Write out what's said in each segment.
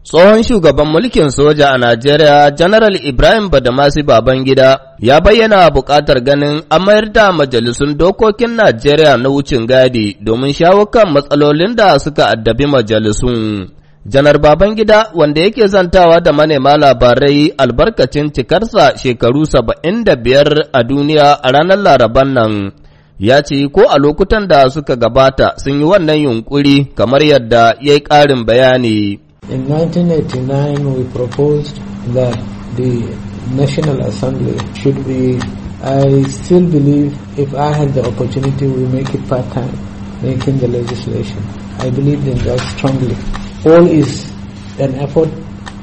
Tsohon shugaban mulkin soja a Najeriya, General Ibrahim Badamasi Babangida, ya bayyana buƙatar ganin a mayar da majalisun dokokin Najeriya na wucin gadi domin shawo kan matsalolin da suka addabi majalisun. Janar Babangida, wanda yake zantawa da manema labarai albarkacin cikarsa shekaru saba'in da biyar a duniya a ranar Laraban nan, ya ce ko a lokutan da suka gabata sun yi wannan yunƙuri kamar yadda ya yi ƙarin bayani. In 1989 we proposed that the National Assembly should be, I still believe if I had the opportunity we make it part-time, making the legislation. I believe in that strongly. All is an effort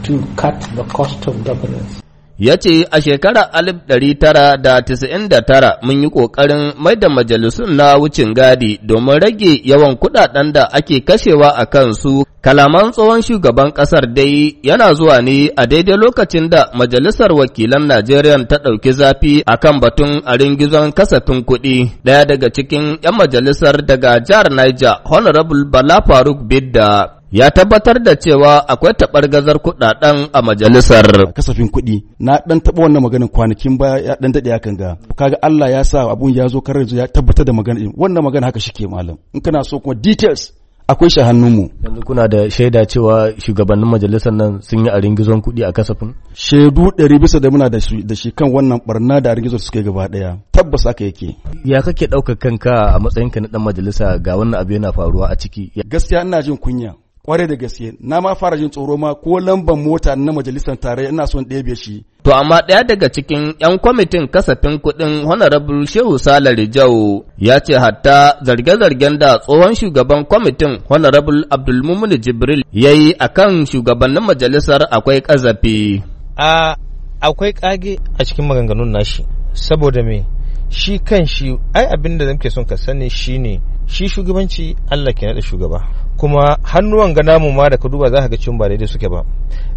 to cut the cost of governance. ya ce a shekarar 1999 mun yi ƙoƙarin mai da majalisun na wucin gadi domin rage yawan kudaden da ake kashewa a kansu kalaman tsohon shugaban ƙasar dai yana zuwa ne a daidai lokacin da majalisar wakilan najeriya ta ɗauki zafi a kan batun a ringizon kasafin kuɗi ɗaya daga cikin 'yan majalisar daga jihar niger honorable bala faruk bidda ya tabbatar da cewa akwai gazar kudaden a majalisar. Kasafin kuɗi na ɗan taɓa wannan maganin kwanakin baya ya ɗan dade hakan ga. Kaga Allah ya sa abun ya zo karar ya tabbatar da magana wannan magana haka shike malam. In kana so kuma details akwai shi mu. Yanzu kuna da shaida cewa shugabannin majalisar nan sun yi a ringizon kuɗi a kasafin? Shaidu ɗari bisa da muna da shi kan wannan barna da ringizon suka suke gaba daya Tabbas haka yake. Ya kake daukar kanka a matsayinka na ɗan majalisa ga wannan abu yana faruwa a ciki? Gaskiya ina jin kunya. kwarai da gaske na ma fara jin tsoro ma ko lamban mota na majalisar tare ina son ɗebe shi to amma ɗaya daga cikin 'yan kwamitin kasafin kuɗin honorable shehu salari jau ya ce hatta zarge-zargen da tsohon shugaban kwamitin honorable abdulmumin jibril ya yi a kan shugabannin majalisar akwai ƙazafi a akwai ƙage a cikin maganganun nashi saboda me shi kan shi ai abin da ke son ka sani shine shi shugabanci Allah ke naɗa shugaba kuma hannuwan ga namu ma da ka duba za ka ga cin ba daidai suke ba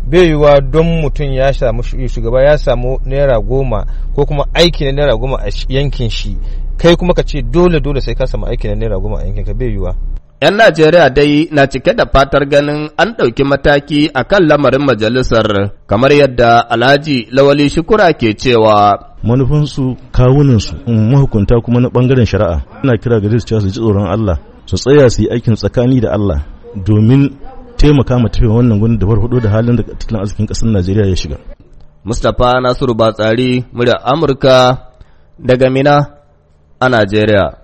bai yiwuwa don mutum ya samu shugaba ya samu naira goma ko kuma aiki na naira goma a yankin shi kai kuma ka ce dole dole sai ka samu aiki na naira goma a yankin ka bai yiwuwa 'Yan Najeriya dai na cike da fatar ganin an ɗauki mataki a kan lamarin majalisar, kamar yadda Alhaji Lawali Shukura ke cewa. Manufansu kawuninsu mm, mahukunta kuma na ɓangaren shari'a. Ina kira gare su cewa su ji tsoron Allah, su tsaya su yi aikin tsakani da Allah domin taimaka ma tafiya wannan gudun da farfaɗo da halin da tattalin arzikin ƙasar Najeriya ya shiga. Mustapha Nasiru Batsari, murya Amurka daga Mina a Najeriya.